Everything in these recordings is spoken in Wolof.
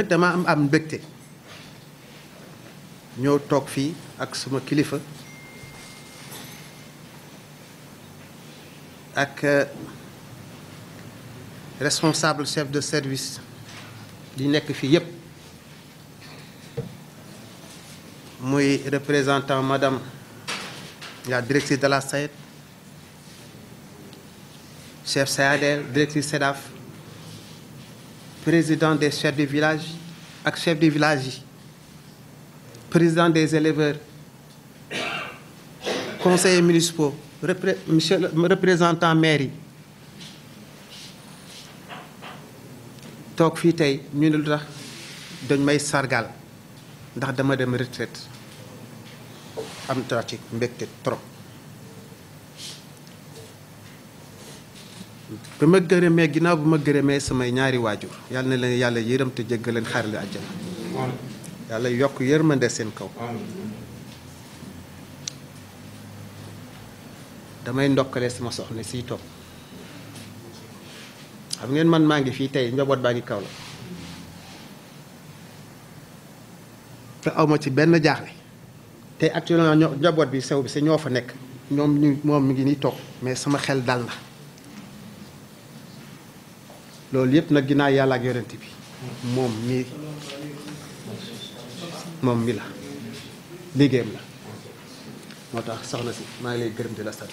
nag dama am am mbégte ñoo tok fi ak suma kilifa ak euh, responsable chef de service di nekk fi yépp muy représentant madame la directrice de la SAED chef SAEDER directrice SEDAF président des chefs de village et chef de village président des éleveurs conseillers municipaux monsieur représentant mairie, Donc, nous fii ñu ne tax dañ sargal ndax retraite Je suis trop. ba ma gërëmee ginnaaw bu ma gërëmee samay ñaari waajur yàlla na leen yàlla yërëm te jéggal leen xaarale àjjana yàlla yokk yërmande seen kaw damay ndokkale sama soxna siy toog xam ngeen man maa ngi fii tey njaboot baa ngi kaw la te awma ci benn jaaxle tey actuellement ñoo njaboot bi sew bi sa ñoo fa nekk ñoom moom mi ngi ni toog mais sama xel dal na loolu yëpp nag ginnaaw yàlla ak yonent bi moom mi moom mi la liggéeyam la moo tax soxna si maa ngi lay gërëm di la sant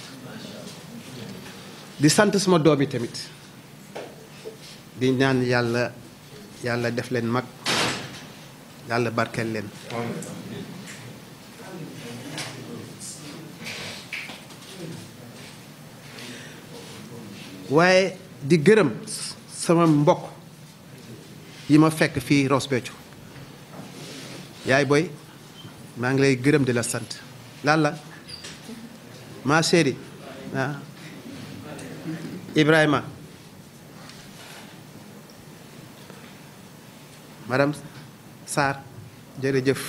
di sant suma doom yi tamit di ñaan yàlla yàlla def leen mag yàlla barkeel leen waaye di gërëm sama mbokk yi ma fekk fii Ross yaay boy maa ngi lay gërëm di la sant lan la ma seedi ah. Ibrahima madame Sar jërëjëf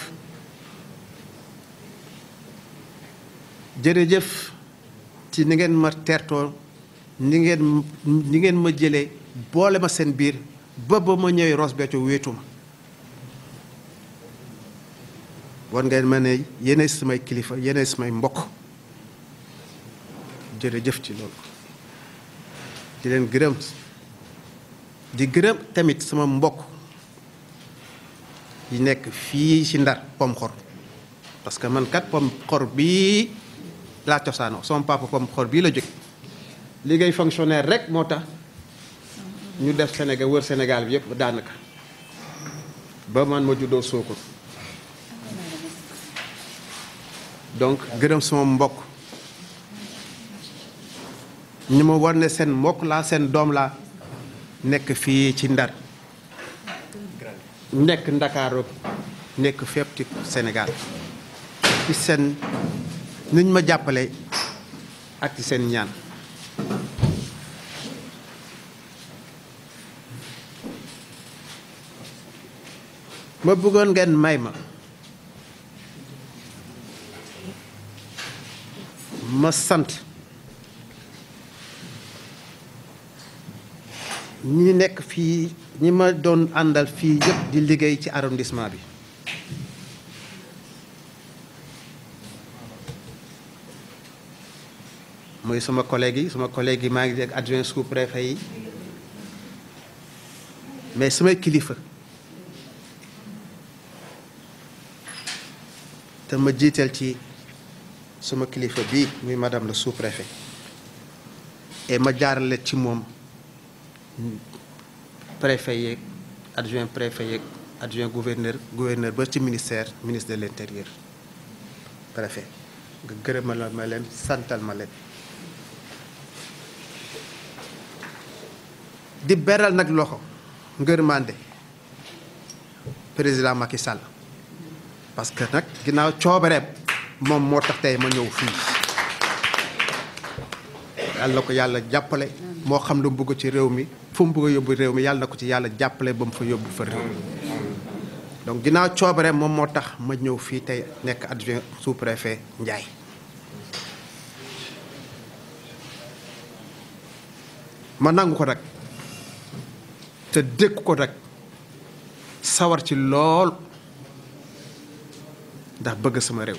jërëjëf ci ni ngeen ma tertoo ni ngeen ni ngeen ma jëlee boole ma seen biir ba ma ñëwee Ross Béthio wéetu ma war ngeen ma ne yeneen samay kilifa yeneen samay mbokk jërëjëf ci loolu di leen gërëm di gërëm tamit sama mbokk di nekk fii ci Ndar pom xor parce que man kat pom xor bii laa cosaanoo sama papa pom xor bii la jóge liggéey fonctionnaire rek moo tax ñu def Sénégal wër Sénégal bi yëpp daanaka ba man ma juddoo Sokone donc gërëm sama mbokk ñi ma war ne seen mbokk laa seen doom laa nekk fii ci Ndar nekk Ndakaaru nekk fépp ci Sénégal ci seen niñ ma jàppale ak ci seen ñaan ma bëggoon ngeen may ma ma sant ñi nekk fii ñi ma doon àndal fii yëpp di liggéey ci arrondissement bi mooy suma collègue yi suma collègue yi maa ngi dégg adjoint sous préfet yi mais sumay kilifa te ma jiital ci sama kilifa bi muy madame le sous-préfet et ma jaarale ci moom préfet yeeg adjoint préfet yeeg adjoint gouverneur gouverneur ba ci ministère ministre de l'intérieur préfet nga gërëmal ma leen santal ma leen di beral nag loxo ngërmande président Macky Sall parce que nag ginnaaw coobareem moom moo tax tey ma ñëw fii yàlla na ko yàlla jàppale moo xam lu mu bëgg ci réew mi fu mu bëgg yóbbu réew mi yàlla na ko ci yàlla jàppale ba mu fa yóbbu fa réew mi donc ginnaaw coobareem moom moo tax ma ñëw fii tey nekk adjoint sous préfet ma nangu ko nag te dégg ko nag sawar ci lool ndax bëgg sama réew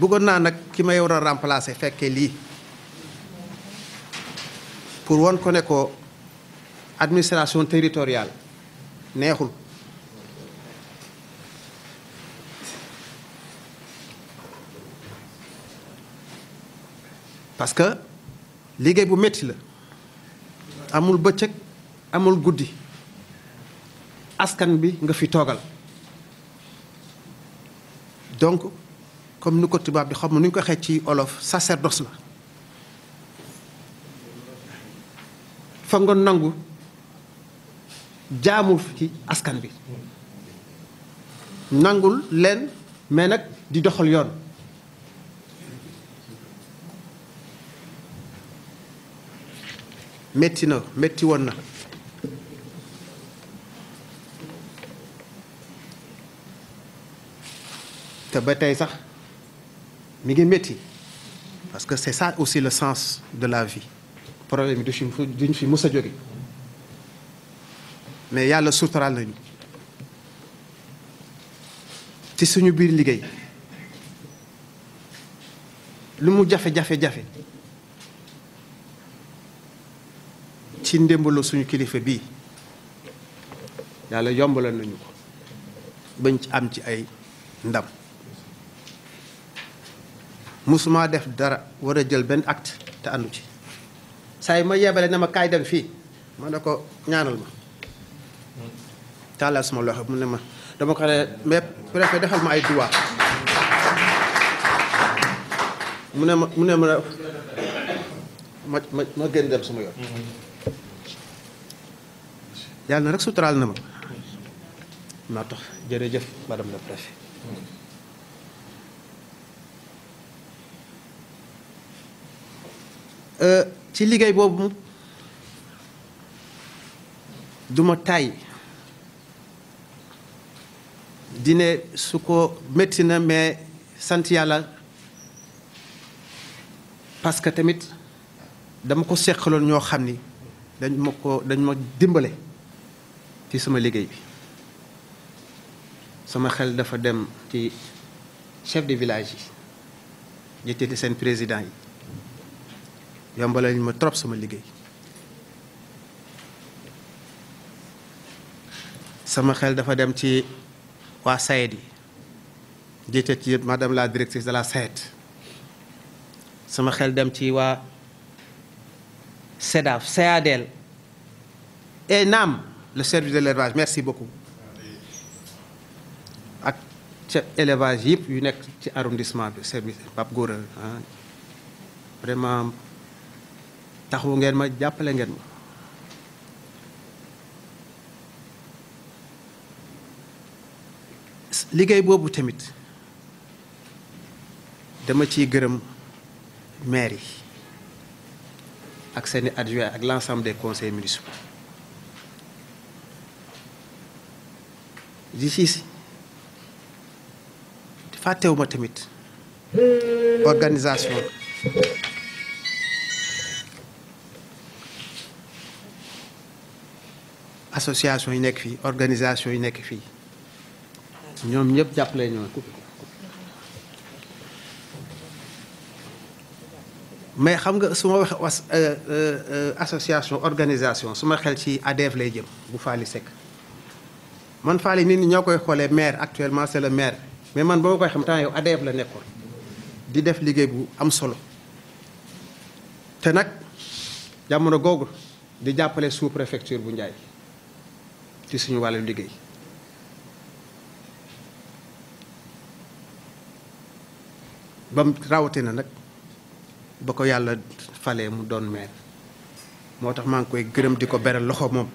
bëggoon naa nag ki may war a remplacer fekkee lii pour won ko ne ko administration territoriale neexul parce que liggéey bu métti la amul bëccëg amul guddi askan bi nga fi toogal donc comme ni ko tubaab di xam nu ñu ko xeec ci olof sacerdoce la fa nangu jaamul ci askan bi nangul leen mais nag di doxal yoon metti na metti te sax mi parce que c'est ça aussi le sens de la vie problème du duñ fi y a le mais yalla soutral nañu ci suñu ci ndimbalu suñu kilifa bii yàlla yombalal nañu ko bañ ci am ci ay ndam musuma def dara war a jël benn acte te àndu ci saa yi ma yebale na ma kaay dem fii ma ne ko ñaanal ma tàllal suma loxo mu ne ma dama ko ne mais préfet defal ma ay duwaa mu ne ma mu ne ma ma ma gën dem suma yoon yàlla na rek suturaal na ma maa tax jërëjëf madame la préfet euh, ci liggéey boobu duma tay dine su ko métti na mais sant yàlla parce que tamit dama ko seqaloon ñoo xam ni dañ ma ko dañ ma dimbale ci sama liggéey bi sama xel dafa dem ci chef de village yi jëkkati seen président yi yombalal ma trop sama liggéey sama xel dafa dem ci waa SAED yi jiite ci madame la directrice de la SAED sama xel dem ci waa SEDAF SEADEL ENAM le service de l'élevage merci beaucoup ak l'élevage, élevage y yu un arrondissement bi service Pape Gora ah. vraiment taxawu ngeen ma jàppale ngeen ma liggéey boobu tamit dama ciy gërëm que ak seeni adjoint ak l'ensemble des conseils municipaux justice fàttewuma tamit organisation association yi nekk fii organisation yi nekk fii ñoom ñëpp jàppale ñoo mais xam nga su ma waxee euh, euh, euh, association organisation su ma xel ci ADEV lay jëm bu Faly Seck man faale nit ñi ñoo koy xoolee maire actuellement c'est le maire mais man ba ma koy xam temps yow ADF la nekkoon di def liggéey bu am solo te nag jamono googu di jàppale sous préfecture bu Ndiaye ci suñu wàllu liggéey ba mu rawatina nag ba ko yàlla fale mu doon maire moo tax maa ngi koy gërëm di ko beral loxo moom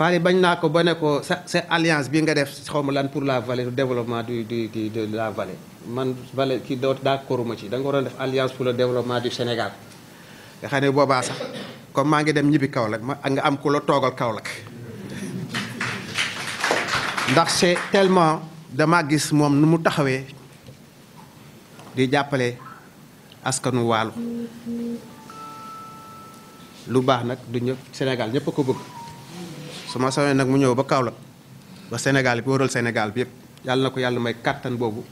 Fally bañ naa ko ba ne ko sa sa alliance bi nga def xaw ma lan pour la vallée du développement du du de la vallée man vallée kii doo d'accord ma ci da nga waroon def alliance pour le développement du Sénégal nga xam ne boobaa sax comme maa ngi dem ñibbi Kaolack ma nga am ku la toogal Kaolack ndax c'est tellement dama gis moom nu mu taxawee di jàppale askanu waalo lu baax nag du ñëpp Sénégal ñëpp ko bëgg su sawé nak mu ñëw ba kaawla ba Sénégal bi wëral Sénégal bi yëpp yàlla na ko may kattan bobu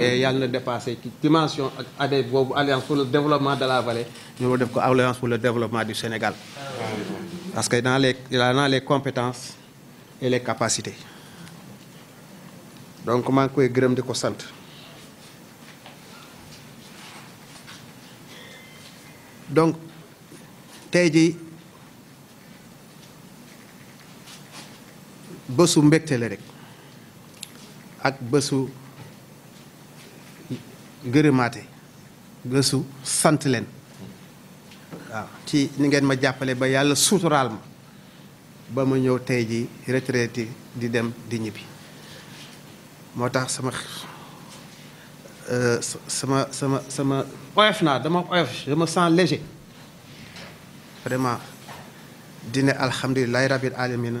et yalla na dépassé ci dimension ak ADE bobu alliance pour le développement de la vallée. ñu def ko alliance pour le développement du Sénégal. parce que dans les dans les compétences et les capacités. donc maa koy gërëm diko donc tey bésu mbégte rek ak bésu gërëmaate bésu sant leen waaw ci ni ngeen ma jàppale ba yàlla suturaal ma ba ma ñëw tey ji retraité di dem di ñibbi moo tax sama euh, sama sama sama oyof naa dama oyof je sens léger vraiment dina alhamdulilahi rabbil alamina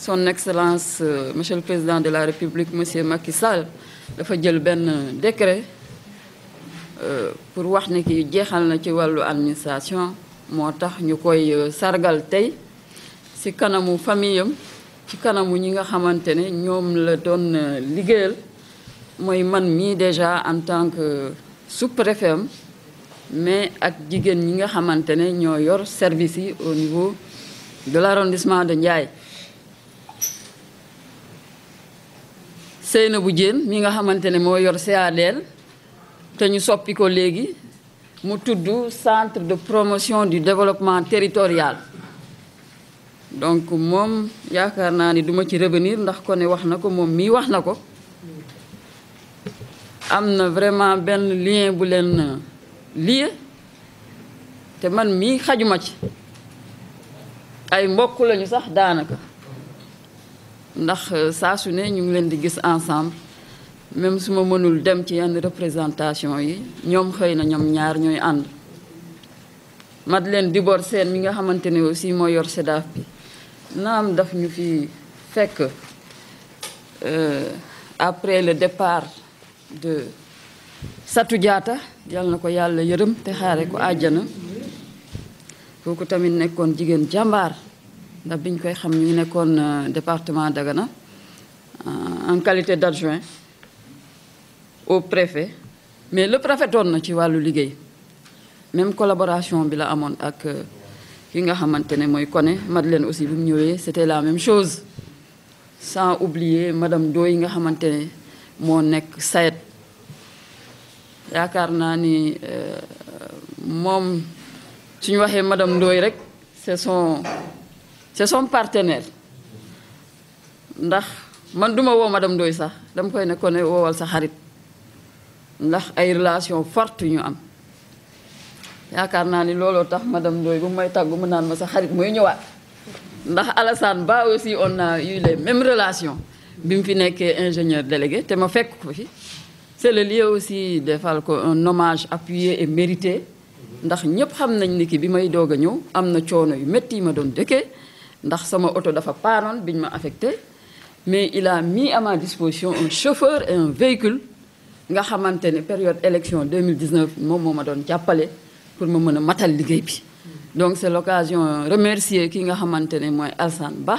son excellence euh, monsieur le président de la république monsieur Macky Sall dafa jël Ben décret euh, pour wax ne ki jeexal na ci walu administration motax ñukoy euh, sargal tay ci kanamu famille ci kanamu ñi nga xamantene ñom la doon liggéeyal moy man mi déjà en tant que sous-préfet mais ak jigéen ñi nga xamantene ñoo yor service au niveau de l'arrondissement de Ndiaye na Seynabou Diène mi nga xamante ne moo yor CADL te ñu soppi ko léegi mu tudd centre de promotion du développement territorial donc moom yaakaar naa ni duma ci revenir ndax ko ne wax na ko moom mii wax na ko am na vraiment benn lien bu leen lié te man mii xajuma ci ay mbokk lañu sax daanaka ndax euh, saa su ne ñu ngi leen di gis ensemble même su ma mënul dem ci yenn représentation yi ñoom xëy na ñoom ñaar ñooy ànd Madeleine Dibor seen mi nga xamante ne aussi moo yor SEDAF bi naam daf ñu fi fekk euh, après le départ de Satou Diatta yal na ko yàlla yërëm te xaare ko àjjana kooku tamit nekkoon jigéen jàmbaar ndax biñ koy xam ñu euh, département Dagana euh, en qualité d'adjoint au préfet mais le préfet donne tu ci le liggéey même collaboration bi la amoon ak euh, ki nga xamantene moy mooy Koné Madeleine aussi bu ñëwé c'était la même chose sans oublier madame Doy nga xamantene mo nek nekk sayet yaakar na ni mom suñu waxé madame doy rek c'est son c'est some partenaire ndax man duma woo madame Ndoye sax dam koy ne ko woowal sa xarit ndax ay relation forte ñu am yaakaar naa ni looloo tax madame Ndoye bu may tàggu mu naan ma sa xarit mooy ñëwaat ndax Alassane Ba aussi on a eu les mêmes relations bi mu fi nekkee ingénieur délégué te ma fekk ko fi c'est le lieu aussi defal ko un hommage appuyé et mérité ndax ñëpp xam nañ ni ki bi may doog a ñëw am na coono yu métti yi ma doon dëkkee ndax sama auto dafa paanoon biñ ma affecté mais il a mis à ma disposition un chauffeur et un véhicule nga xamante ne période élection 2019 moom moo ma doon pour ma mën a matal liggéey bi donc c'est l'occasion de remercier ki nga xamante ne mooy Ba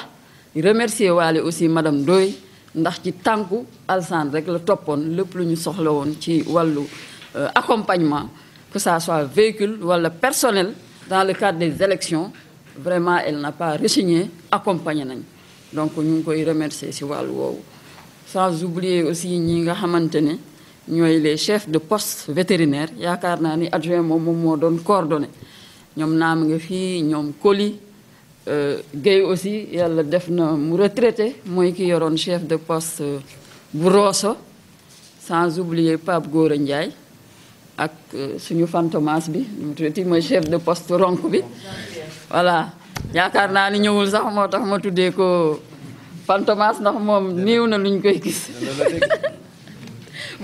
remercier aussi madame Doy ndax ci tànku alsan rek la toppoon lépp lu ñu soxla woon ci wàllu euh, accompagnement que ça soit véhicule wala personnel dans le cadre des élections vraiment elle n'a pas rechigné accompagné nañ donc nous ngi koy remercier ci sans oublier aussi ñi nga xamantene ñoy les chefs de poste vétérinaire car nous ni adjoint mom mo don doon coordonné ñom naam nga fii ñoom Koli euh, gay aussi yalla def na mu retraité moy ki yoron chef de poste euh, bu sans oublier Pape Gora ak eh, suñu fantomas bi mu tuddati chef de poste ronk bi voilà ya naa ni ñewul sax moo tax ma tuddé ko fantomas ndax mom niw na luñ koy gis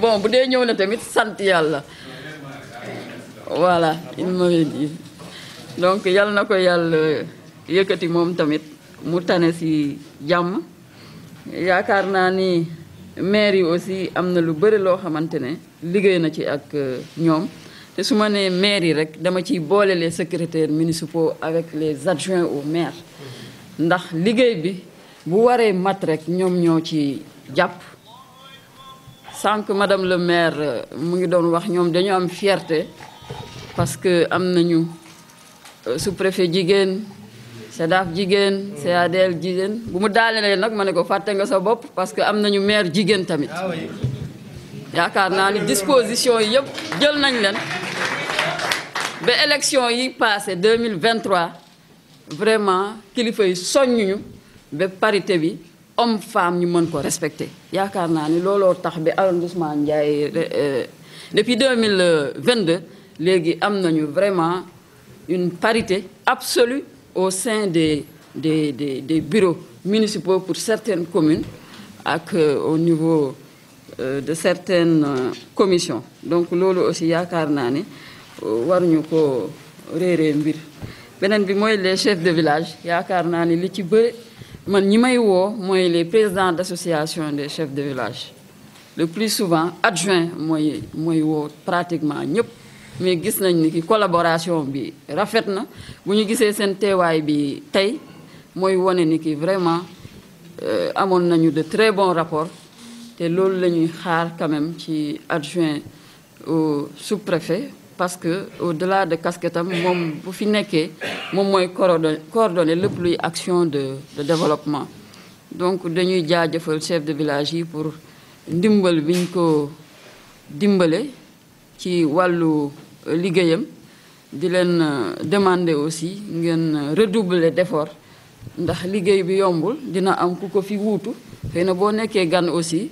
bon bu dé ñew na tamit sante yalla voilà il m'avait dit donc yalla nako yalla yëkëti mom tamit mu tané si jamm ya naa ni maire yi aussi amna lu bëri lo xamantene liggéey na ci ak euh, ñoom te su ma nee maire yi rek dama ciy boole les secrétaires municipaux avec les adjoints au maire ndax liggéey bi bu waree mat rek ñoom ñoo ci jàpp sànq madame le maire euh, mu ngi doon wax ñoom dañu am fierté parce que am nañu euh, sous-préfet jigéen CEDAF jigéen CADL jigéen bu mu daalelee nag ma ne ko fàtte nga sa bopp parce que am nañu maire jigéen tamit ah yaakaar naa ni disposition yi yëpp jël nañ leen ba élection yi passé 2023 vraiment kilifa yi soññuñu ba parité bi homme femme ñu mën ko respecté yaakaar naa ni looloo tax ba arrondissement Ndiaye euh, depuis 2022 léegi am nañu vraiment une parité absolue au sein des des des des bureaux municipaux pour certaines communes ak euh, au niveau euh, de certaines euh, commissions donc lolo aussi yaakaar naa ne euh, ko rere mbir Benen bi mooy les chefs de village yaakaar naa li ci bëri man ñi wo, woo les présidents d'association des chefs de village le plus souvent adjoint moi mooy wo, pratiquement ñëpp mais gis nañ ni ki collaboration bi rafetna na bu ñu gisee seen teewaay bi tay moy woné ni ki vraiment amon nañu de très bons rapports c'est loolu la xaar quand même ci adjoint au sous-préfet parce que au-delà de casquette nous voulons bu fi nekkee coordonner luy action de de développement donc dañuy le chef de village pour ndimbal bi ñu ko dimbale ci de liggéeyam euh, demander aussi de euh, redoubler d'efforts ndax liggéey bi yombul dina am ku ko fi wuutu xëy na boo gan aussi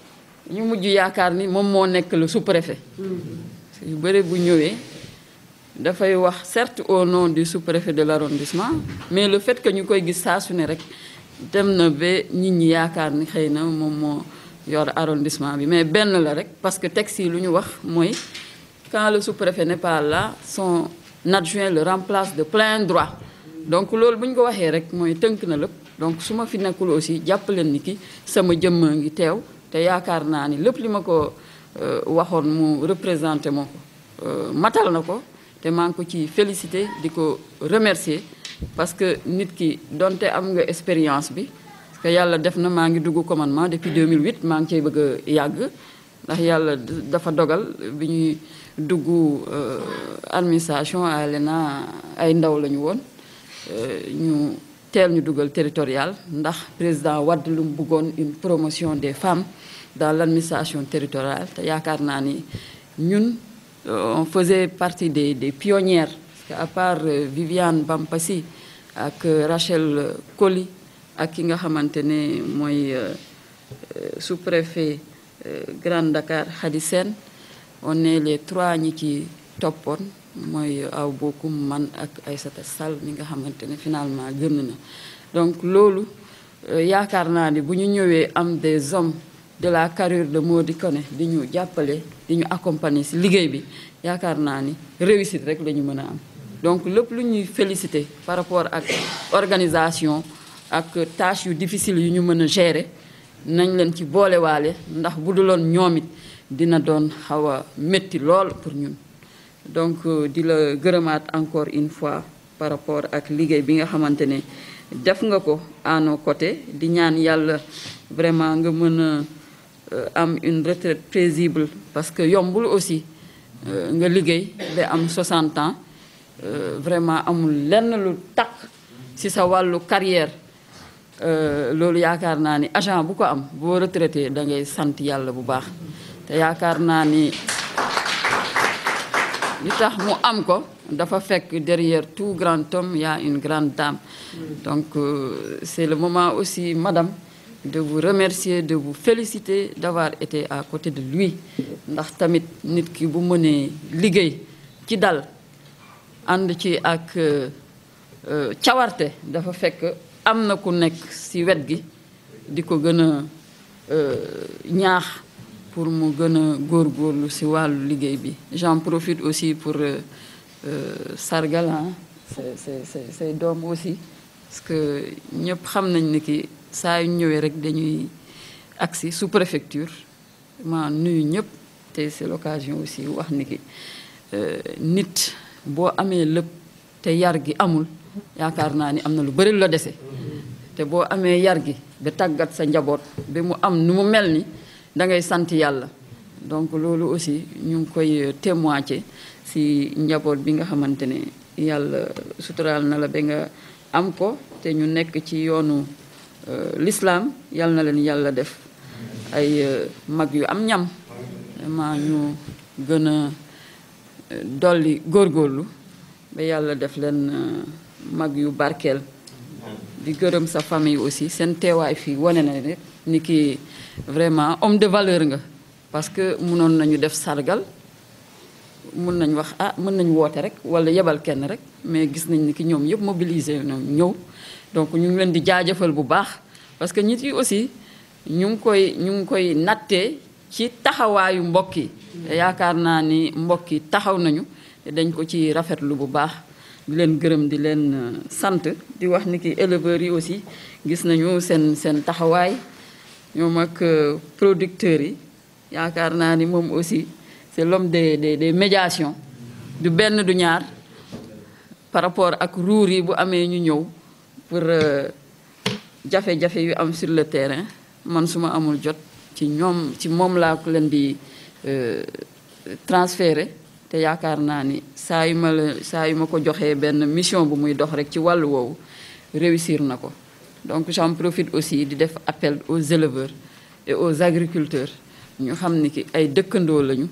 ñu mujj yaakaar ni moom moo nekk le sous-préfet mm-hmm. yu bëri bu ñëwee dafay wax certes au nom du sous-préfet de l'arrondissement mais le fait que ñu koy gis saa su ne rek dem na ba nit ñi yaakaar ni xëy na moom moo yor arrondissement bi mais benn la rek parce que texte yi lu ñu wax mooy quand le sous-préfet n'est pas là son adjoint le remplace de plein droit donc loolu bu ñu ko waxee rek mooy tënk na lépp donc su ma fi nekkul aussi jàpp leen ni ki sama jëmm ngi teew te yaakaar naa ni lépp li ma ko euh, waxoon mu représenté ma ko euh, matal na ko te maa ngi ko ci félicité di ko remercier parce que nit ki donte am nga expérience bi parce que yàlla def na maa ngi dugg commandement depuis 2008 maa ngi cay bëgg a yàgg ndax yàlla dafa dogal bi ñuy dugg euh, administration à l'ENA ay ndaw lañu woon ñu Tel ñu dugal territorial ndax président Wadlou lu une promotion des femmes dans l'administration territoriale te faisions ñun euh, on faisait partie des pionnières à part euh, Viviane Bampassi ak euh, Rachel Colli ak ki nga xamantene moy sous-préfet Grand Dakar Hadi on est les trois ñi ci topone mooy aw bokkum man ak Aïssata Sall mi nga xamante ne finalement gën na donc loolu euh, yaakaar naa ni bu ñu ñëwee am des hommes de la carrière de Mody Koné di ñu jàppale di ñu accompagner si liggéey bi yaakaar naa ni réussit rek la mën a am donc lépp lu ñuy félicité par rapport ak organisation ak tâche yu difficile yu ñu mën a gérer nañ leen ci boolewaale ndax bu duloon ñoom it dina doon xaw a métti lool pour ñun donc euh, di la gërëmaat encore une fois par rapport ak liggéey bi nga xamante ne def nga ko à nos côtés di ñaan yàlla vraiment nga mën a euh, am une retraite paisible parce que yombul aussi euh, nga liggéey ba am 60 ans vraiment amul lenn lu takk ci sa wàllu carrière loolu yaakaar naa ni agent bu ko am boo retraité da ngay sant yàlla bu baax te yaakaar naa ni li tax mu am ko dafa fekk derrière tout grand homme y a une grande dame donc euh, c'est le moment aussi madame de vous remercier de vous féliciter d'avoir été à côté de lui ndax tamit nit ki bu mënee liguey ci dal and ci ak euh, euh, cawarte dafa fekk am na ku nekk ci wet gi di ko gën a euh, ñaax pour mu gën a góorgóorlu j'en profite aussi pour euh, euh, Sargala, hein, c'est aussi parce que ñëpp xam nañ ni ki sous préfecture nuyu c'est l'occasion aussi wax ni euh, nit te yar amul am lu bëri te boo amee yar gi ba tàggat sa am da ngay sant yàlla donc loolu aussi ñu ngi koy euh, témoigner ci njaboot bi nga xamante ne yàlla suturaal na la ba nga am ko te ñu nekk ci yoonu euh, lislaam yàlla na leen yàlla def ay euh, mag yu am ñam vraiment ñu gën a dolli góorgóorlu ba yàlla def leen mag yu barkeel di gërëm sa famille aussi seen teewaay fii wone na rek ni ki vraiment homme de valeur nga parce que mënoon nañu def sargal mun nañ wax ah mën nañ woote rek wala yebal kenn rek mais gis nañ ni ki ñoom yëpp mobiliser ñoom ñëw donc ñu ngi leen di jaajëfal bu baax parce que nit yi aussi ñu ngi koy ñu ngi koy nattee ci taxawaayu mbokk yi yaakaar naa ni mbokk yi taxaw nañu dañ ko ci rafetlu bu baax di leen gërëm di leen euh, sant di wax ni ki éleveurs yi aussi gis nañu seen seen taxawaay ñoom ak euh, producteurs yi yaakaar naa ni moom aussi c'est l'homme des des des médiations du benn du ñaar par rapport ak ruur yi bu amee ñu ñëw pour euh, jafe-jafe yu am sur le terrain man su ma amul jot ci ñoom ci moom laa ko leen di euh, transférer te yaakaar naa ni saa yu ma la saa yu ma ko joxee benn mission bu muy dox rek ci wàllu woowu réussir na ko donc j'en profite aussi di def appel aux éleveurs et aux agriculteurs ñu xam ni ki ay dëkkandoo lañu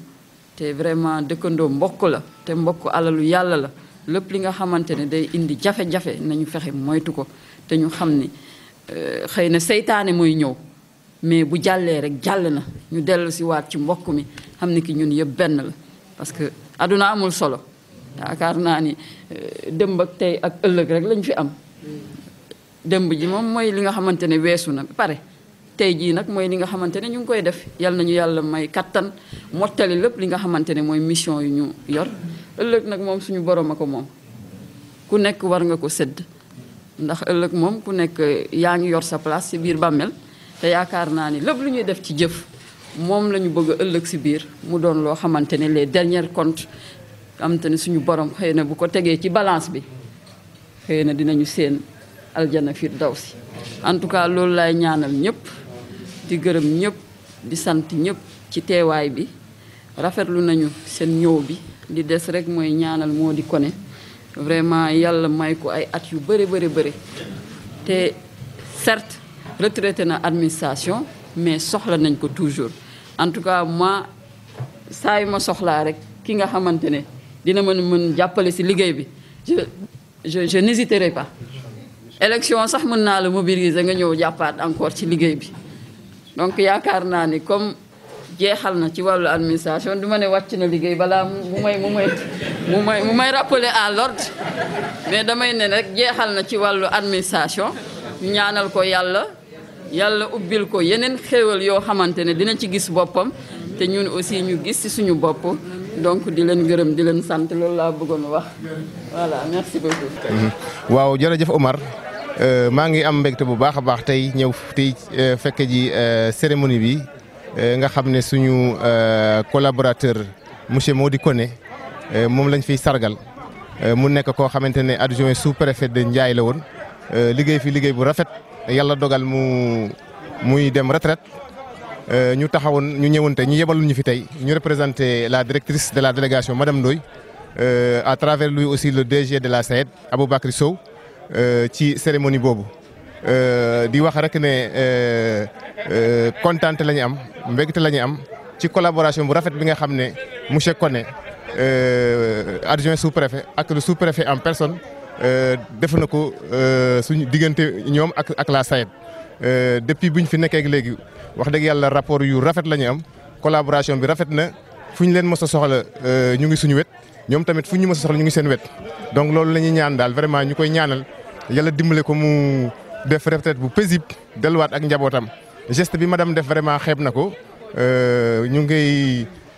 te vraiment dëkkandoo mbokk la te mbokk alalu yàlla la lépp li nga xamante ne day indi jafe-jafe nañu fexe moytu ko te ñu xam ni euh, xëy na seytaane mooy ñëw mais bu jàllee rek jàll na ñu dellu si waat ci mbokk mi xam ni ki ñun yëpp benn la parce que àdduna amul solo yaakaar naa ni euh, démb ak tey ak ëllëg rek lañ fi am démb ji moom mooy li nga xamante ne weesu na pare tey jii nag mooy li nga xamante ne ñu ngi koy def yal nañu yàlla may kattan mottali lépp li nga xamante ne mooy mission yu ñu yor ëllëg nag moom suñu borom a ko moom ku nekk war nga ko sedd ndax ëllëg moom ku nekk yaa ngi yor sa place si biir bàmmeel te yaakaar naa ni lépp lu ñuy def ci jëf moom lañu bëgg ëllëg si biir mu doon loo xamante ne les derniers comptes am ne suñu borom xëy na bu ko tegee ci balance bi xëy na dinañu seen aljana firdawsi en tout cas loolu laay ñaanal ñëpp di gërëm ñëpp di sant ñëpp ci teewaay bi rafetlu nañu seen ñëw bi di des rek mooy ñaanal moo di kone vraiment yàlla may ko ay at yu bëri bëri bëri te certes retraité na administration mais soxla nañ ko toujours en tout cas moi saa yu ma soxlaa rek ki nga xamante ne dina mën mën jàppale si liggéey bi je je je pas élection sax mën naa la mobiliser nga ñëw jàppaat encore ci liggéey bi donc yaakaar naa ni comme jeexal na ci wàllu administration du ma ne wàcc na liggéey balaa mu may mu may mu mu may rappeler à l'ordre mais damay ne rek jeexal na ci wàllu administration ñaanal ko yàlla yàlla ubbil ko yeneen xéewal yoo xamante ne dina ci gis boppam te ñun aussi ñu gis ci suñu bopp donc di leen gërëm di leen sant loolu laa bëggoon wax voilà waaw jërëjëf Omar. Euh, mangi am mbégte bu baax a baax tey ñëw tey euh, fekke ji euh, cérémonie bi nga xamné suñu collaborateur monsieur Mody Koné moom lañ fiy sargal mu nek ko xamantene adjoint sous-préfet de Ndiaye la woon liggéey fi liggéey bu rafet yalla dogal mu muy dem retraite ñu taxawon ñu ñëwoon tey ñu yebalul ñu fi tay ñu représenter la directrice de la délégation madame Ndoy à travers lui aussi le DG de la SAED Aboubacry Sow euh, ci cérémonie bobu euh di wax rek ne euh la euh, lañu am mbégte la ñu am ci collaboration bu rafet bi nga xamné monsieur Koné euh adjoint sous-préfet ak le sous-préfet en personne euh def nako euh suñu digënté ñom ak ak la euh depuis buñ fi fi ak légui wax dëgg yalla rapport yu rafet lañu am collaboration bi rafet na fuñ leen mos soxla euh ñu ngi suñu wét ñom tamit fuñ ñu mos soxla ñu ngi seen wét donc loolu lañu ñaan dal vraiment ñukoy ñaanal. yàlla dimbale ko mu def retraite bu paisible delluwaat ak njabootam geste bi madame def vraiment xeeb na ko euh, ñu ngi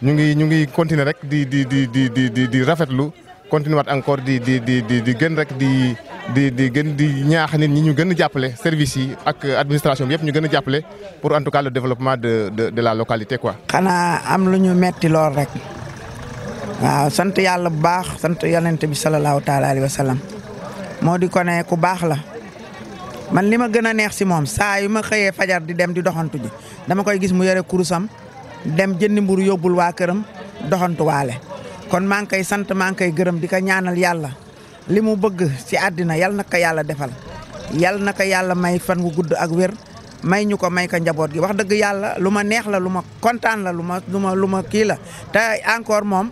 ñu ngi ñu ngi continuer rek di di di di di di rafetlu continuer encore di di di di di gën rek di di di gën di ñaax nit ñi ñu gën a service yi ak administration bi yëpp ñu gën a jàppale pour en tout cas le développement de de de la localité quoi. xanaa am lu ñu metti lool rek waaw sant yàlla bu baax sant yonent bi salallaahu taala alayhi wa sallam moo di ko ne ku baax la man li ma gën a neex si moom saa yu ma xëyee fajar di dem di doxantu ji dama koy gis mu yore kurusam dem jëndi mburu yóbbul waa këram doxantuwaale kon maa ngi koy sant maa ngi koy gërëm di ko ñaanal yàlla li mu bëgg si àddina yal na ko yàlla defal yal na ko yàlla may fan gu gudd ak wér may ñu ko may ko njaboot gi wax dëgg yàlla lu ma neex la lu ma kontaan la lu ma lu ma lu ma kii la te encore moom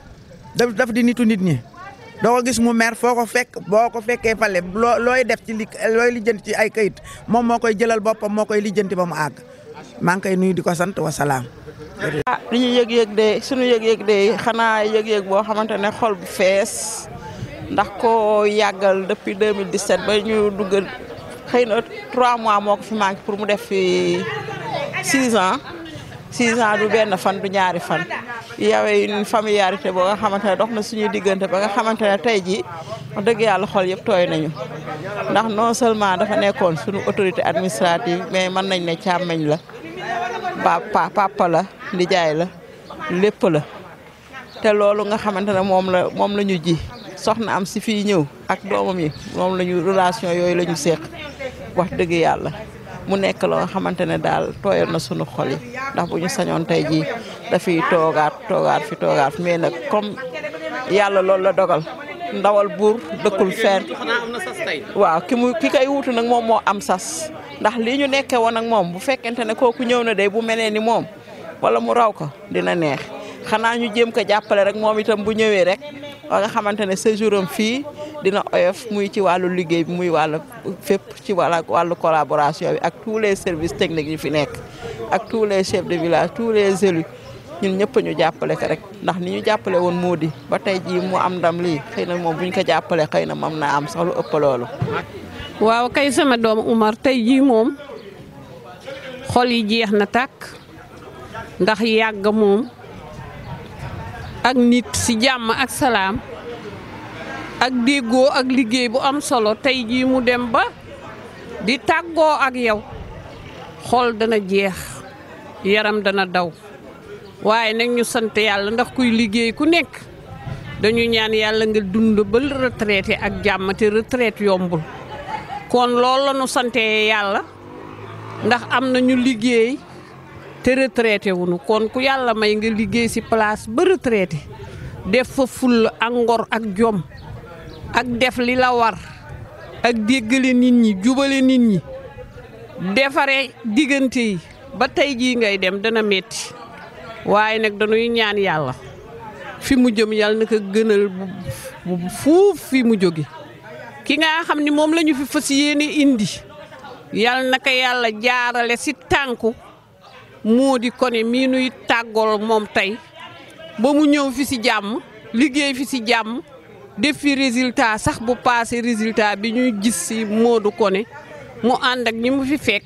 daf daf di nitu nit ñi doo ko gis mu mer foo ko fekk boo ko fekkee fale loo looy def ci li looy lijjanti ci ay kayit moom moo koy jëlal boppam moo koy lijjanti ba mu àgg maa ngi koy nuyu di ko sant wa salaam. ah li ñuy yëg-yëg de suñu yëg-yëg de xanaa yëg-yëg boo xamante ne xol bu fees ndax ko yàggal depuis 2017 ba ñu duggal xëy na 3 mois moo ko fi manqué pour mu def fi 6 ans. six ans du benn fan du ñaari fan yawee une familiarité boo nga xamante ne dox na suñu diggante ba nga xamante ne tey jii dëgg yàlla xol yëpp tooy nañu ndax non seulement dafa nekkoon suñu autorité administrative mais mën nañ ne càmmeñ la papa papa la ndijaay la lépp la te loolu nga xamante ne moom la moom la ñu ji soxna am si fii ñëw ak doomam yi moom la ñu yooyu la ñu wax dëgg yàlla mu nekk loo xamante ne daal tooyal na sunu xol yi ndax bu ñu sañoon tey jii dafiy toogaat toogaat fi toogaat mais nag comme yàlla loolu la dogal ndawal buur dëkkul fenn waaw ki mu ki koy wuutu nag moom moo am sas ndax li ñu nekkee woon nag moom bu fekkente ne kooku ñëw na day bu melee ni moom wala mu raw ko dina neex xanaa ñu jéem ko jàppale rek moom itam bu ñëwee rek ba nga xamante ne séjour am fii dina oyof muy ci wàllu liggéey bi muy wàllu fépp ci wàllu wàllu collaboration bi ak tous les services techniques yu fi nekk ak tous les chefs de village tous les élus ñun ñëpp ñu jàppale ko rek ndax ni ñu jàppale woon moo di ba tey jii mu am ndam lii xëy na moom bu ñu ko jàppale xëy na moom naa am sax lu ëpp waaw kay sama doom Umar tey jii moom xool yi jeex na tàkk ndax yàgg moom. ak nit ci jàmm ak salaam ak déggoo ak liggéey bu am solo tey jii mu dem ba di tàggoo ak yow xool dana jeex yaram dana daw waaye nag ñu sant yàlla ndax kuy liggéey ku nekk dañu ñaan yàlla nga dund ba retraité ak jàmm te retraite yombul kon loolu la ñu sante yàlla ndax am na ñu liggéey te retraité wuñu kon ku yalla may nga liggéey ci place ba retraité def fa ful ak ngor ak jom ak def li la war ak déggalé nit ñi jubale nit ñi defare digënté yi ba tay ji ngay dem dana metti waaye nag dañuy ñaan yalla fi mu jëm yalla naka ko gënal fu fi mu joggé ki nga xamni ni lañu fi indi yàlla naka ko yàlla jaarale si Mody Koné mii nuy tàggool moom tey ba mu ñëw fi si jàmm liggéey fi si jàmm def fi résultat sax bu passé résultat bi ñuy gis si Mody Koné mu ànd ak ñi mu fi fekk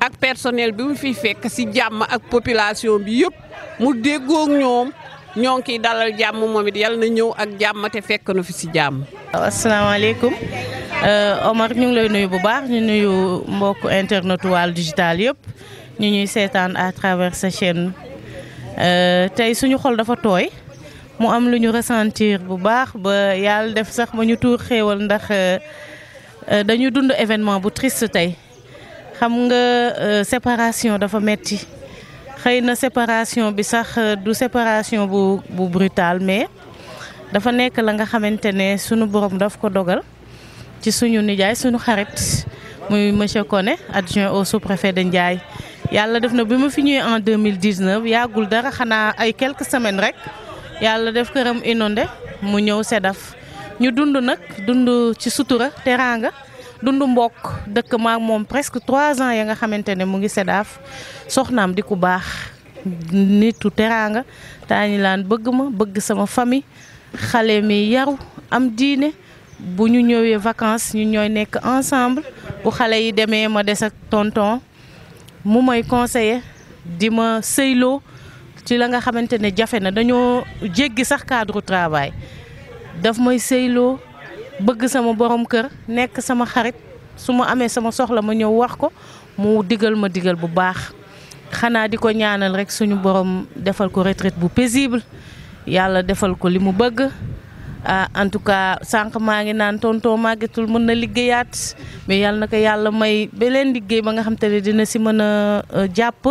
ak personnel bi mu fi fekk si jàmm ak population bi yëpp mu déggook ñoom ñoo ngi kiy dalal jàmm moom it yàlla na ñëw ak jàmm te fekk na fi si jàmm. asalaamaaleykum euh, Omar ñu ngi lay nuyu bu baax ñu nuyu mbokku internet Walo Digital yëpp. ñu ñuy seetaan à travers sa chaîne euh, tey suñu xol dafa tooy mu am lu ñu ressentir bu baax ba yàlla def sax ma ñu tuur xéewal ndax euh, euh, dañu dund événement bu triste tey xam nga séparation dafa metti xëy na séparation bi sax du séparation bu bu brutal mais dafa nekk la nga xamante ne sunu borom daf ko dogal ci suñu nijaay suñu xarit muy monsieur Koné adjoint au sous-préfet de Ndiaye yalla def na bima fi en 2019 yagul dara xana ay quelques semaines rek Nous def inondé mu ñëw ñu dund dund ci mbokk presque trois ans ya nga mu ngi di ku baax nitu bëgg ma bëgg sama famille mi am bu ñu vacances ensemble bu xale ma des tonton mu may conseiller di ma sëyloo ci la nga xamante ne jafe na dañoo jéggi sax cadre trabaay daf may sëyloo bëgg sama borom kër nekk sama xarit su ma amee sama soxla ma ñëw wax ko mu digal ma digal bu baax xanaa di ko ñaanal rek suñu borom defal ko retraite bu paisible yàlla defal ko li mu bëgg uh, en tout cas sank ma ngi ma tonton tul mën na liggéeyaat mais yàlla naka yàlla may beleen liggéey ba nga xam te dina si mën a euh, jàpp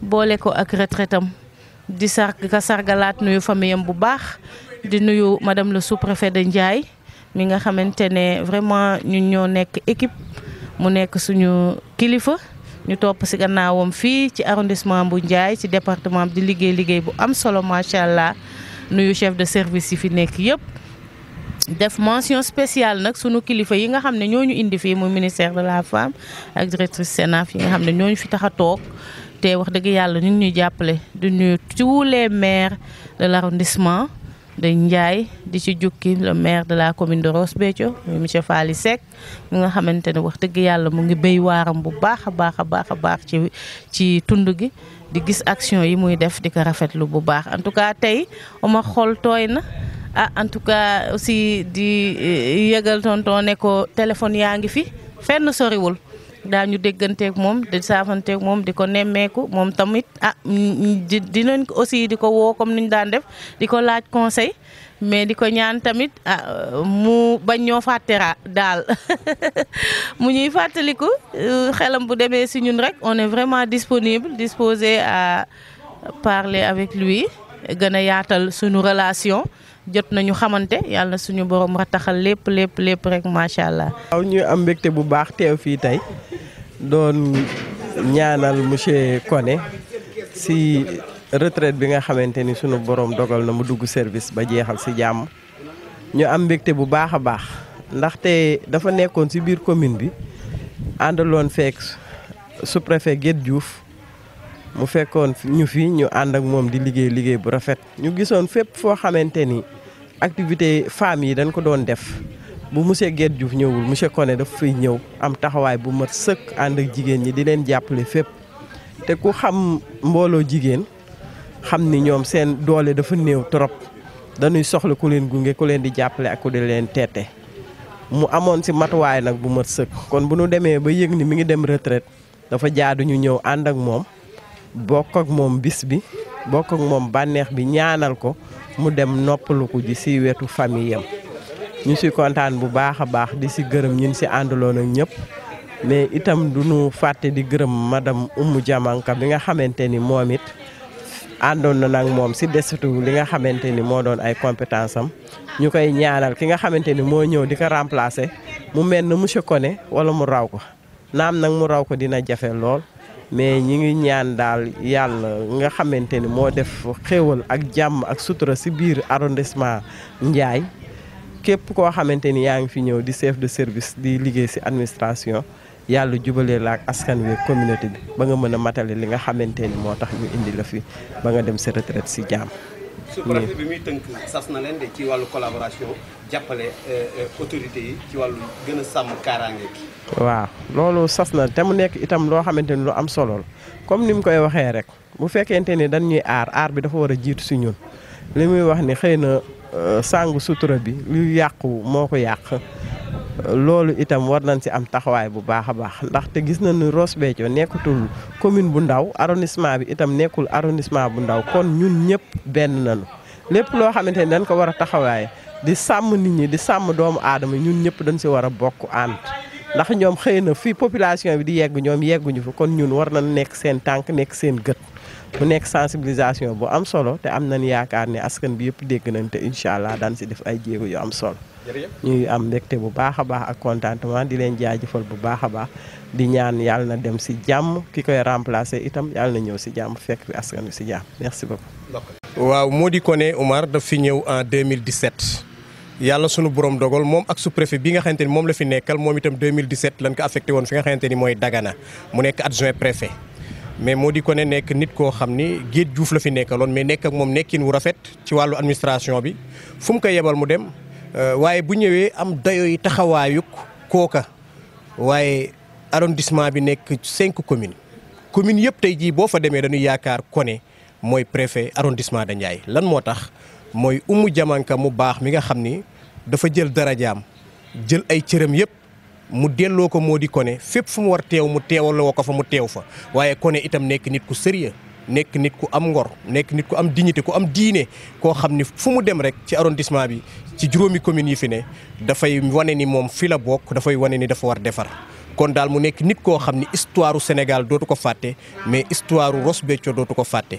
boole ko ak retraitam di sar ka sargalaat nuyu famiyam bu baax di nuyu madame le sous-préfet de Ndiaye mi nga xamante ne vraiment ñun ñoo nekk équipe mu nekk suñu kilifa ñu topp si gannaawam fii ci arrondissement bu Ndiaye ci département bi di liggéey bu am solo macha nuyu chef de service yi fi nekk yëpp. def mention spéciale nag sunu kilifa yi nga xam ne ñoo ñu indi fii muy ministère de la femme ak directrice sénat yi nga xam ne ñoo ñu fi tax a toog te wax dëgg yàlla ñu ngi ñuy jàppale di nuyu tous les maires de l' arrondissement de Ndiaye di ci jukki le maire de la commune de Ross Béthio muy monsieur Faly Seck mi nga xamante ne wax dëgg yàlla mu ngi béy waaram bu baax a baax a baax a baax ci ci tund gi. di gis action yi muy def di ko rafetlu bu baax en tout cas tey uma xol tooy na ah en tout cas aussi di eh, yëgal tonton ne ko téléphone yaa ngi fi fenn soriwul. daa ñu dégganteeg moom di saafanteeg moom di ko nemmeeku moom tamit ah di dinañ ko aussi di ko woo comme ni ñu daan def di ko laaj conseil mais di ko ñaan tamit ah mu bañ ñoo fàttera daal mu ñuy fàttaliku euh, xelam bu demee si ñun rek on est vraiment disponible disposé à parler avec lui gën a yaatal suñu relation jot nañu xamante yàlla suñu borom rataxal lépp lépp lépp rek macha allah. waaw ñu am mbégte bu baax teew fii tey doon ñaanal monsieur Koné si retraite bi nga xamante ni borom dogal na mu dugg service ba jeexal si jàmm. ñu am mbégte bu baax a baax dafa nekkoon si biir commune bi àndaloon feek sous-préfet Guèye Diouf. mu fekkoon ñu fi ñu ànd ak moom di liggéey liggéey bu rafet ñu gisoon activité femmes yi dañ ko doon def bu monsieur Guèye Diouf ñëwul monsieur Koné daf fay ñëw am taxawaay bu mat sëkk ànd ak jigéen ñi di leen jàppale fépp. te ku xam mbooloo jigéen xam ni ñoom seen doole dafa néew trop dañuy soxla ku leen gunge ku leen di jàppale ak ku di leen teete mu amoon si matuwaay nag bu mat sëkk kon bu nu demee ba yëg ni mi ngi dem retraite dafa jaaduñu ñëw ànd ak moom bokk ak moom bis bi bokk ak moom bànneex bi ñaanal ko. mu dem noppaluku ji si wetu famille am ñu si kontaan bu baax a baax di si gërëm ñun si àndaloon ak ñëpp mais itam du ñu fàtte di gërëm madam Oumou Diamanka bi nga xamante ni moom it àndoon na nag moom si desitu li nga xamante ni moo doon ay compétence am ñu koy ñaanal ki nga xamante ni moo ñëw di ko remplacer mu mel ne monsieur wala mu raw ko naam nag mu raw ko dina jafe lool. mais ñi ngi ñaan daal yàlla nga xamante ni moo def xéewal ak jàmm ak sutura si biir arrondissement Ndiaye képp koo xamante ni yaa ngi fi ñëw di chef de service di liggéey si administration yàlla jubalee la ak askan wi communauté bi ba nga mën a matale li nga xamante ni moo tax ñu indi la fi ba nga dem sa si jàmm. sous-préfet muy tënk sas na leen de ci wàllu collaboration jàppale euh, euh, ci wàllu gën a waaw loolu sas na te mu nekk itam loo xamante ni lu am solo la comme ni mu koy waxee rek bu fekkente ni dañ ñuy aar aar bi dafa war a jiitu si ñun li muy wax ni xëy na euh, sàngu sutura bi lu yàqu moo ko yàq. loolu itam war nañ si am taxawaay bu baax a baax ndaxte gis nañ ni Ross Béthio nekkatul commune bu ndaw arrondissement bi itam nekkul arrondissement bu ndaw kon ñun ñëpp benn nañu lépp loo xamante ni dañ ko war a taxawaay di sàmm nit ñi di sàmm doomu aadama ñun ñëpp dañ si war a bokk ànd ndax ñoom xëy na fii population bi di yegg ñoom yegguñu fa kon ñun war nañ nekk seen tànk nekk seen gët. mu nekk sensibilisation bu am solo te am na nañ yaakaar ne askan bi yëpp dégg nañ te incha allah daan si def ay jéego yu am solo. ñuy am mbégte bu baax a baax ak contentement di leen jaajëfal bu baax a baax di ñaan yàlla na dem si jàmm ki koy remplacer itam yàlla na ñëw si jàmm fekk fi askan wi si jàmm merci beaucoup. waaw Mody Koné Omar daf fi ñëw en 2017. yàlla sunu borom dogal moom ak sous-préfet bi nga xamante ni moom la fi nekkal moom itam 2017 lan ko affecté woon fi nga ni mooy Dagana mu nekk adjoint préfet mais moo di ko ne nekk nit koo xam ni géej juuf la fi nekkaloon mais nekk ak moom nekkin wu rafet ci wàllu administration bi fu mu ko yebal mu dem euh, waaye bu ñëwee am dayo yi taxawaayuk kooka waaye arrondissement bi nekk cinq communes commune yëpp tey jii boo fa demee dañuy yaakaar Koné mooy préfet arrondissement de Ndiaye lan moo tax mooy Oumou Diamanka mu baax mi nga xam ni dafa jël darajaam jël ay cëram yëpp mu delloo ko moo di Koné fépp fu mu war teew mu teewaloo ko fa mu teew fa waaye Koné itam nekk nit ku sérieux nekk nit ku am ngor nekk nit ku am dignité ku am diine koo xam ni fu mu dem rek ci arrondissement bi ci juróomi communes yi fi ne dafay wane ni moom fii la bokk dafay wane ni dafa war defar kon daal mu nekk nit koo xam ni histoire u Sénégal dootu ko fàtte mais histoire u Ross Béthio dootu ko fàtte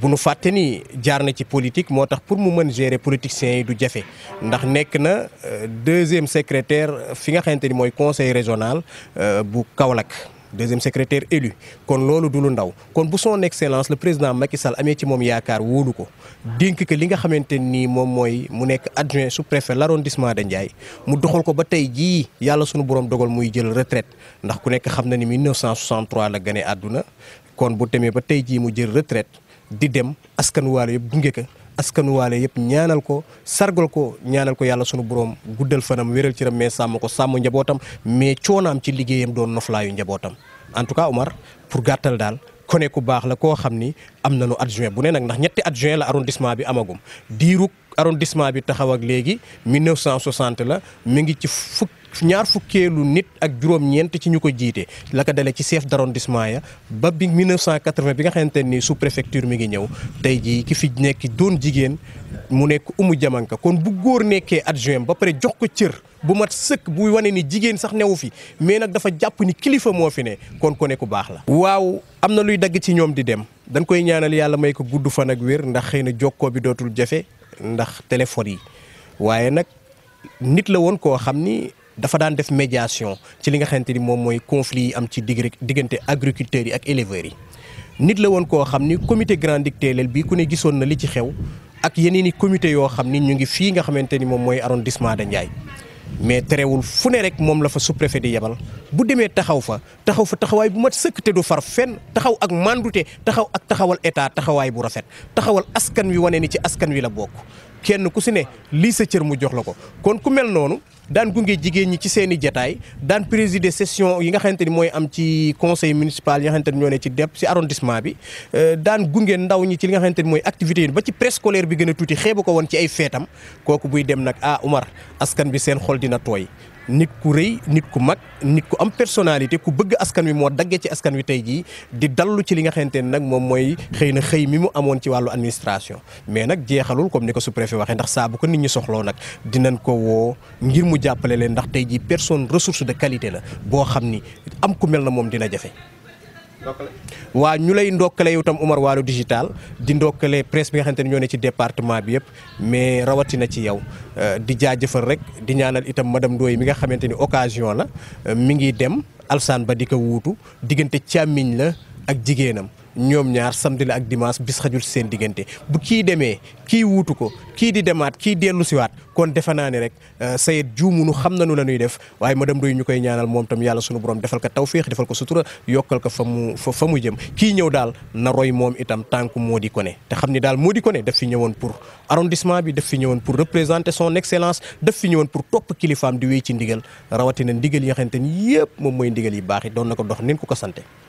bu nu fàtte ni jaar na ci politique moo tax pour mu mën gérer politiciens yi du jafe ndax nekk na euh, deuxième secrétaire fi nga xamante ni mooy conseil régional euh, bu Kaolack deuxième secrétaire élu kon loolu du lu ndaw kon bu son excellence la président Macky Sall amee ci moom yaakaar wóolu ko dénk que li nga xamante nii moom mooy mu nekk adjoint su préfet l' arrondissement de Ndiaye mu doxal ko ba tey jii yàlla sunu borom dogal muy jël retraite ndax ku nekk xam na ni 1963 la gane àdduna kon bu demee ba tey jii mu jël retraite di dem askan waalo yëpp gunge askanu waale yëpp ñaanal ko sargal ko ñaanal ko yàlla sunu borom guddal fanam wéral ci ram mais sàmm ko sàmm njabootam mais coonaam ci liggéeyam doon noflaayu njabootam en tout cas Omar pour gàttal daal kone ku baax la koo xam ni am na nañu adjoint bu ne nag ndax ñetti adjoint la arrondissement bi amagum diiru arrondissement bi taxaw ak léegi 1960 la mi ngi fukk ñaar fukkeelu nit ak juróom-ñeent ci ñu ko jiite la ko dale ci chef d'arrondissement ya ba bi 1980 bi nga xamante ni sous préfecture mi ngi ñëw tey jii ki fi nekk doon jigéen mu nekk umu jamanka kon bu góor nekkee adjoint ba pare jox ko cër bu mat sëkk buy wane ni jigéen sax newu fi mais nag dafa jàpp ni kilifa moo fi ne kon ko ne ku baax la. waaw am na luy dagg ci ñoom di dem dañ koy ñaanal yàlla may ko gudd fan ak wér ndax xëy na jokkoo bi dootul jafe ndax téléphone yi waaye nag nit la woon koo xam ni dafa daan def médiation ci li nga xamante ni moom mooy conflit yi am ci diggante agriculteurs yi ak éleveurs yi. nit la woon koo xam ni comité Grand Digue Téelel bii ku ne gisoon na li ci xew ak yeneen i comité yoo xam ni ñu ngi fii nga xamante ni moom mooy arrondissement de Ndiaye. mais terewul fu ne rek moom la fa sous-préfet di yebal bu demee taxaw fa taxaw fa taxawaay bu mat sëkk te du far fenn taxaw ak mandute taxaw ak taxawal état taxawaay bu rafet taxawal askan wi wane ni ci askan wi la bokk kenn ku si ne lii sa cër mu jox la ko kon ku mel noonu. daan gunge jigéen ñi ci seen i jataay daan présider session yi nga xamante ni mooy am ci conseil municipal yi nga xamante ni ñoo ne ci dep ci arrondissement bi euh, daan gunge ndaw ñi ci li nga xamante ni mooy activité yi ba ci préscolaire bi gën a tuuti xeebu ko woon ci ay feetam kooku buy dem nag ah Umar askan bi seen xol dina tooy nit ku rëy nit ku mag nit ku am personnalité ku bëgg askan wi moo daggee ci askan wi tey jii di dallu ci li nga xamante ne nag moom mooy xëy na xëy mi mu amoon ci wàllu administration mais nag jeexalul comme ni ko sous-préfet waxee ndax saa ko nit ñi soxloo nag dinañ ko woo ngir mu jàppale leen ndax tey jii personne ressource de qualité la boo xam ni am ku mel na moom dina jafe waaw ñu lay ndokkale yow tam Omar Waalo digital di ndokkale presse bi nga xamante ne ñoo ne ci département bi yëpp mais rawatina ci yow euh, di jaajëfal rek di ñaanal itam madame Ndoye mi nga xamante ni occasion la euh, mi ngi dem alsaan ba di ko wuutu diggante càmmiñ la ak jigéenam ñoom ñaar samedi la ak dimanche bis xajul seen diggante bu kii demee kii wuutu ko kii di demaat kii dellu siwaat kon defe naa ne rek euh, sayet juumunu xam nanu la ñuy def waaye madame doy ñu koy ñaanal moom tam yàlla sunu borom defal ko tawféex defal ko sutura yokkal ko fa mu fa mu jëm kii ñëw daal na roy moom itam tànk moo di ko ne te xam ni daal moo di ko ne daf fi ñëwoon pour arrondissement bi daf fi ñëwoon pour représenter son excellence daf fi ñëwoon pour topp kilifaam di ci ndigal rawatina ndigal yi ni yëpp moom mooy ndigal yi baax yi doon na ko dox nin ku ko sante